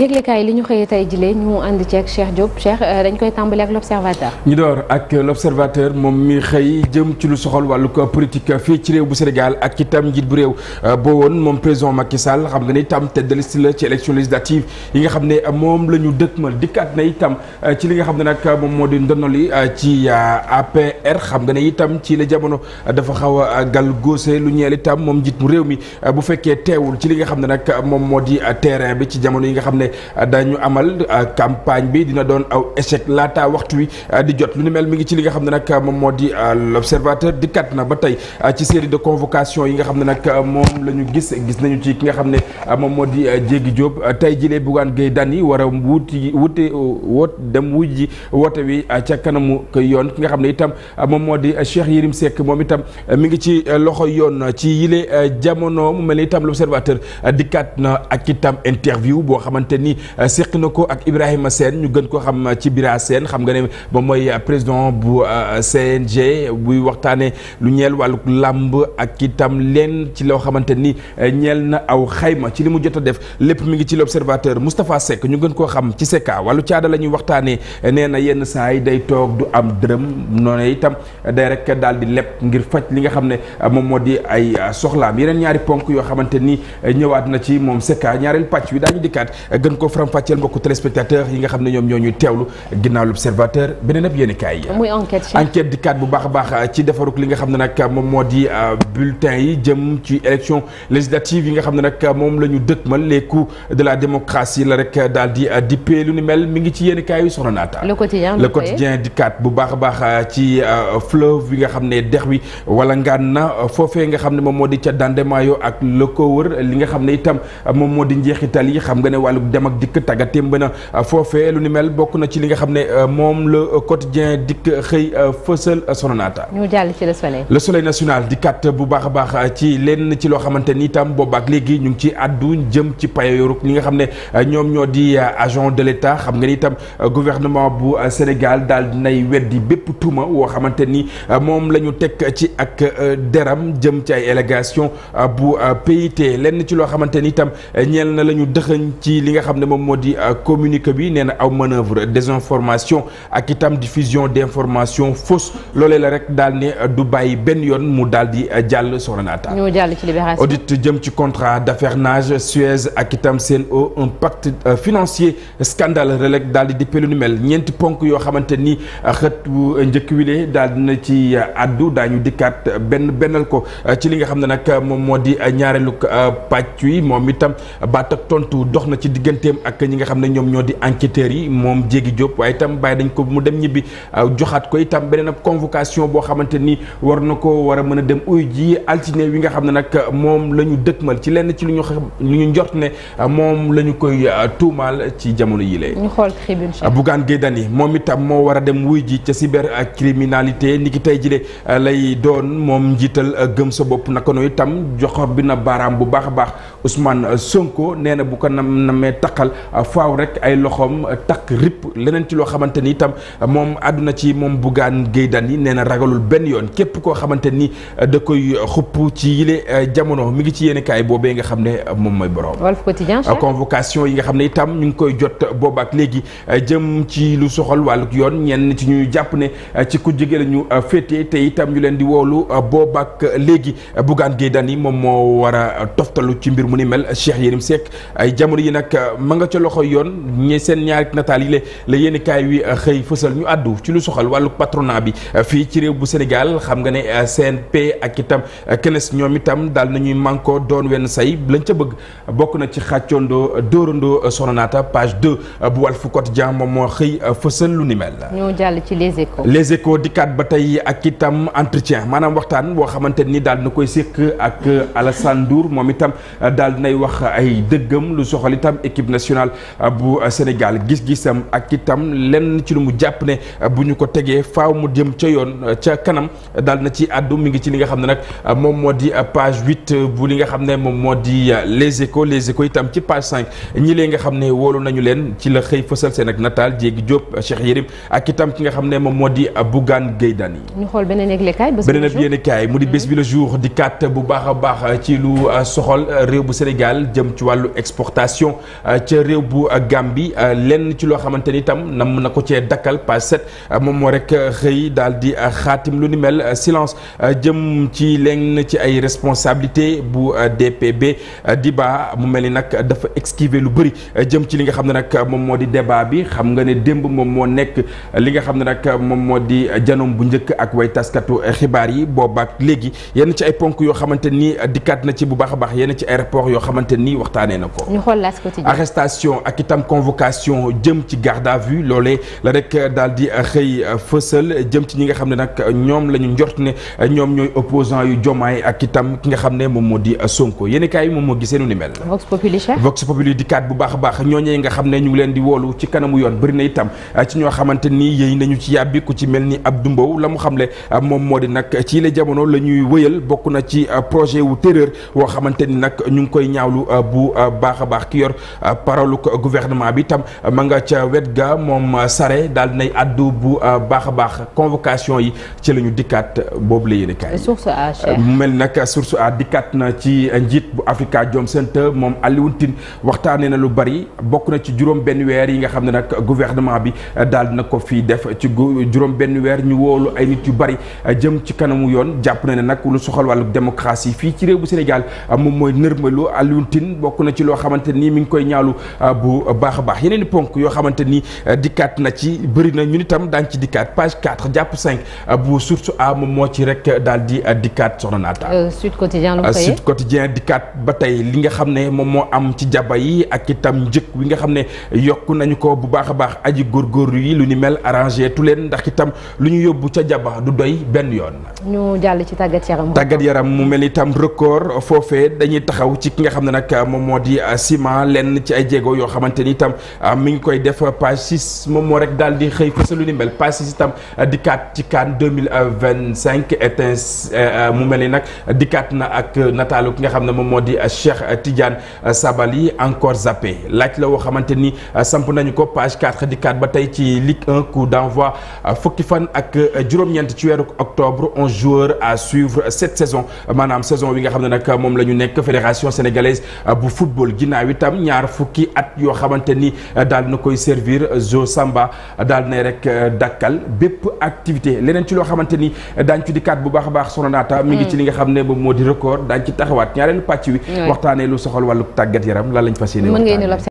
yëglekaay li ñu xëyee tey jilee ñu ànd ceeg Cheikh Diop Cheikh euh, dañ koy tàmbali ak l'observateur ñu door ak l'observateur moom mi xëy jëm ci lu soxol wàllu ko politique fii ci réew bu Sénégal ak itam njiit bu réew euh, boo woon moom président Macky Sall xam nga ne itam tête de liste la ci élection législative yi nga xam ne euh, moom la ñu dëkkmal dikkaat na itam ci li nga xam ne nag moom moo di ndonoli ci APR xam nga ne itam ci la jamono dafa xaw a gal góose lu ñeel itam moom njiit bu réew mi bu fekkee teewul ci li nga xam ne nag moom moo di terrain bi ci jamono yi nga xam ne ne ah, dañu amal ah, campagne bi dina doon aw échec laata waxtu wi ah, di jot lu ni mel mu ngi ci li nga xam ne nag moom moo di l'observateur dikkat na ba tey ci série de convocation yi nga xam ne nag moom la ñu gis gis nañu ci ki nga xam ne moom moo di Diégui Diop tey jilee Bougane Gueye Dany war a wuti wute woot dem wuj ji woote wi ca kanamu ko yoon ki nga xam ne itam moom moo di Cheikh Yérim Seck moom itam mi ngi ci loxo yoon ci yile jamono mu mel ni itam l'observateur dikkat na ak itam interview boo xamante xamante ni euh, seq na ko ak Ibrahima Sène ñu gën koo xam euh, ci Bira seen xam nga ne moom mooy euh, président bu CNG buy waxtaanee lu ñeel wàllu làmb ak itam leen ci loo xamante ni ñeel na aw xayma ci li mu jot a def lépp mu ngi ci l'observateur Moustapha Seck ñu gën koo xam ci Secka wallu caada la ñuy waxtaanee nee na yenn saa yi day toog du am dërëm noonu itam day rek daal di leb ngir faj li nga xam ne moom moo di ay soxlaam yeneen ñaari ponk yoo xamante ni ñëwaat na ci moom Secka ñaareel gën koo faram-fàcceel mbokku téléspectateur yi nga xam ne ñoom ñoo ñuy teewlu ginnaaw l'observateur beneen ab yéenekaay yi muy enquête enquête di kat bu baax a baax euh, ci defaruk li nga xam ne nag euh, moom moo di euh, bulletin yi jëm ci élection législative yi nga xam ne nag moom la ñu dëkkmal les de la démocratie la rek daal dippee lu ni mel mi ngi ci yéenekaay yu soxna naata le quotidien a moom moo di ca Dandemayo ak la ko wër li nga xam ne itam moom moo di njeexital yi dem ak dikk tagga témb na foofee lu ni mel bokk na ci li nga xam ne euh, moom le euh, quotidien dikk xëy euh, fësal sononata ñu jàll ci le soleil le soleil national di kat bu baax a baax ci lenn ci loo xamante ni itam boobaak léegi ñu ngi ci àddu jëm ci payooruk ñi nga xam ne ñoom ñoo di agent de l'état xam nga ni itam gouvernement bu Sénégal daal dinay weddi bépp tuuma woo xamante ni moom lañu ñu teg ci ak deram jëm ci ay allégation bu PIT lenn ci loo xamante ni itam ñeel na la ñu dëxëñ ci li nga xam ne moom moo di euh, communique bi nee na aw manœuvre désinformation ak itam diffusion d'information fausse loolee la rek daal ne euh, du bàyyi benn yoon mu daal di euh, jàll soxna Naata. ñoo jàll ci jëm ci contrat d'affermage Suez ak itam seen Sen'Eau un pacte financier scandale relègue daal di dippe lu mel ñeenti ponk yoo xamante ni xët wu njëkk wile daal dina ci addu daañu dikkaat benn bennal ko ci li nga xam ne nag moom moo di ñaareelu pàcc yi moom itam baat ak tontu dox digganteem ak ñi nga xam ne ñoom ñoo di enquêteurs yi moom Diégui Diop waaye itam bàyyi dañ ko mu dem ñibbi euh, joxaat ko itam beneen ab convocation boo xamante ni war na ko war a mën a dem uy ji altine wi nga xam ne nag moom la ñu dëkkmal ci lenn ci lu ñu xam lu ne euh, moom la ñu koy euh, tuumaal ci jamono yi lee ñu xool tribune Bougane moom itam moo war a dem wuy ji ca cybercriminalité ni ki tey ji de lay doon moom njiital gëm sa bopp naka noonu itam joxor bi na baaraam bu baax a baax Ousmane Sonko nee bu ko nam namee takkal euh, faw rek ay loxoom euh, takk rip leneen ci loo xamante ni itam euh, moom àdduna ci moom Bougane Gueye Dany nee na ragalul benn yoon képp koo xamante ni da koy xupp ci yile jamono mi ngi ci yéen kaay boobee nga xam ne moom mooy borom. Walf Quotidien convocation yi nga xam ne itam ñu ngi koy jot boobaak ak léegi jëm ci lu soxal wàllu yoon ñenn ci ñu jàpp ne ci ku jege la ñu féete te itam ñu leen di woolu booba ak léegi Bougane Gueye Dany moom moo war a toftalu ci mbir mu ni mel Cheikh Yérim Seck ay jamono yi nag. ma nga ca loxo yoon ñi seen ñaari nataal yi la yéen kaay wi euh, xëy fësal ñu àddu ci lu soxal wàllu patronat bi euh, fii ci réew bu Sénégal xam nga ne euh, CNP ak itam kenes ñoom itam daal nañuy mànkoo doon wenn say lañ ca bëgg bokk na ci xàccondoo dóorandoo soxna naata page 2 bu Walf moom moo xëy fësal lu ni mel. ñoo jàll ci ba tey ak itam maanaam waxtaan boo xamante ni daal na koy séq ak Alassane moom itam daal dinay wax ay dëggam lu soxal itam équipe nationale euh, bu euh, Sénégal gis-gisam ak itam lenn ci lu mu jàpp ne euh, bu ñu ko tegee faaw mu jëm ca yoon ca kanam daal na ci àddu mu ngi ci li nga xam ne nag moom moo di page huit bu li nga xam ne moom moo di les échos les échos itam ci page cinq ñi lee nga xam ne wóolu nañu leen ci la xëy fësal seen ak nataal Diégui Diop Cheikh Yérim ak itam ki nga xam ne moom moo di Bougane Gueye Dany ñu xool beneen yëglekaay beneen yëglekaay mu di bés bi le jour di kat bu baax a baax ci lu soxol réew bu Sénégal jëm ci wàllu exportation Euh, ca réew bu euh, bi euh, lenn ci loo xamante ni itam nam na ko cee dakkal page sept moom moo rek xëy daal di xaatim lu ni mel silence jëm ci lenn ci ay responsabilité bu DPB Diba mu mel ni nag dafa esquiver lu bëri jëm ci li nga xam ne nag moom moo di débat bi xam nga ne démb moom moo nekk li nga xam ne nag moom moo di janoom bu njëkk ak way taskatu xibaar yi boobaak léegi yenn ci ay ponk yoo xamante nii dikkaat na ci bu baax a baax yenn ci ay rapport yoo xamante ni waxtaanee na ko. arrestation ak itam convocation jëm ci garde à vue loole la rek daal di xëy fësal jëm ci ñi nga xam ne nag ñoom la ñu njort ne ñoom ñooy opposant yu jomaay ak itam ki nga xam ne moom moo di Sonko yéen yi moom moo gisee nu ni mel. Vox Populi Vox Populi di kaat bu baax a baax ñooñee nga xam ne ñu ngi leen di woolu ci kanamu yoon bëri na itam ci ñoo xamante ni yéen nañu ci yàbbi ci mel ni ab dumbow la mu xamle moom moo di nag ci la jamono la ñuy wëyal bokk na ci projet wu terreur woo xamante ni nag ñu ngi koy ñaawlu bu baax a baax ki yor Euh, parole ko gouvernement bi tam euh, ma nga ca wet ga moom euh, Sare daal nay addu bu baax a baax convocation yi ci la ñu dikkaat boobu la yéen kaay mu mel nag source a dikkaat na ci njiit bu Africa Jom Center moom Alioune Tine waxtaanee na lu bari bokk na ci juróom benn weer yi nga xam ne nag gouvernement bi daal na ko fii def ci juróom benn weer ñu woolu ay nit yu bari jëm ci kanamu yoon jàpp na ne nag lu soxal wàllu démocratie fii ci réew bu Sénégal moom mooy nërmalu Alioune bokk na ci loo xamante ni mi ngi koy ñaalu euh, bu baax a baax yeneen i ponk yoo xamante ni euh, dikkaat na ci bëri na ñun itam daañu ci dikkaat page 4 jàpp 5 euh, bu source a moom moo ci rek daal di dikkaat soxna naata. Sud Quotidien Sud Quotidien dikkaat ba tey li nga xam ne moom moo am ci jaba yi ak itam njëkk wi nga xam ne yokk nañu ko bu baax a baax aji góor yi lu ni mel arrangé tu leen ndax itam lu ñu yóbbu ca jaba du doy benn yoon. ñu yaram. mu mel ni itam record foofee dañuy taxaw ci ki nga xam ne nag moom moo di ciment lenn ci ay jéego yoo xamante ni itam ah, mi ngi koy def page six moom moo rek daal di xëy fësalu ni mel page six itam dikkaat ci CAN deux mille vingt cinq euh, mu mel ni nag dikkaat na ak nataalu ki nga xam ne moom moo di Cheikh Tidiane Sabali encore zappé laaj la woo xamante ni ah, samp nañu ko page quatre dikkaat ba tey ci Ligue 1 coup d'envoi ah, fukki fan ak juróom-ñeent ci weeru octobre onze joueurs à suivre cette saison maanaam saison wi nga xam ne nag moom la ñu nekk fédération sénégalaise bu football ñaar fukki at yoo xamante ni euh, daal na koy servir euh, Zo Samba euh, daal nay rek dakkal bépp activité leneen ci loo xamante ni daañ ci di kaat bu baax baax sono naata mi ngi mm. ci li nga xam ne moom moo di record daañ ci taxawaat ñaareelu pàcc wi mm. waxtaanee lu soxal wàllu tàggat yaram lan lañ fas yéene